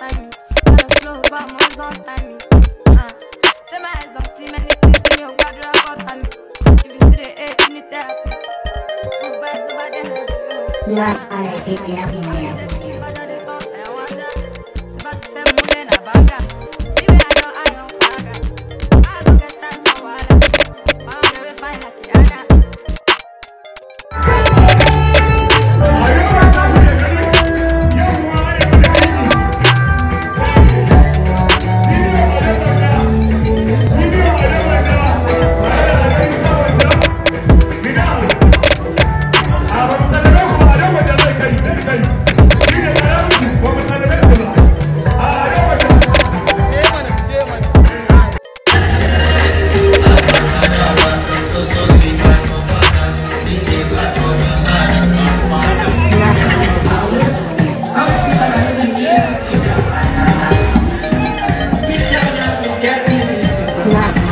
amis. Dans le flow, pas moins amis. Hein. C'est ma haine dans si many things, yo, God, you are God, amis. If you see the hate, you need help. Move back to my dinner. You ask Alex if you have in there. last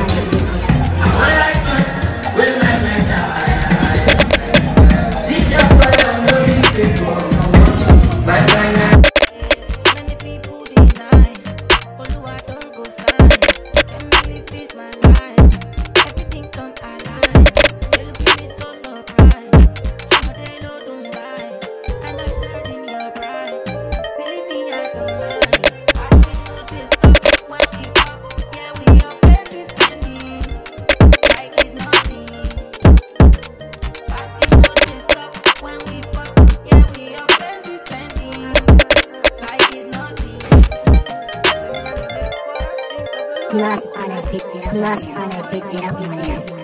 más a la más a la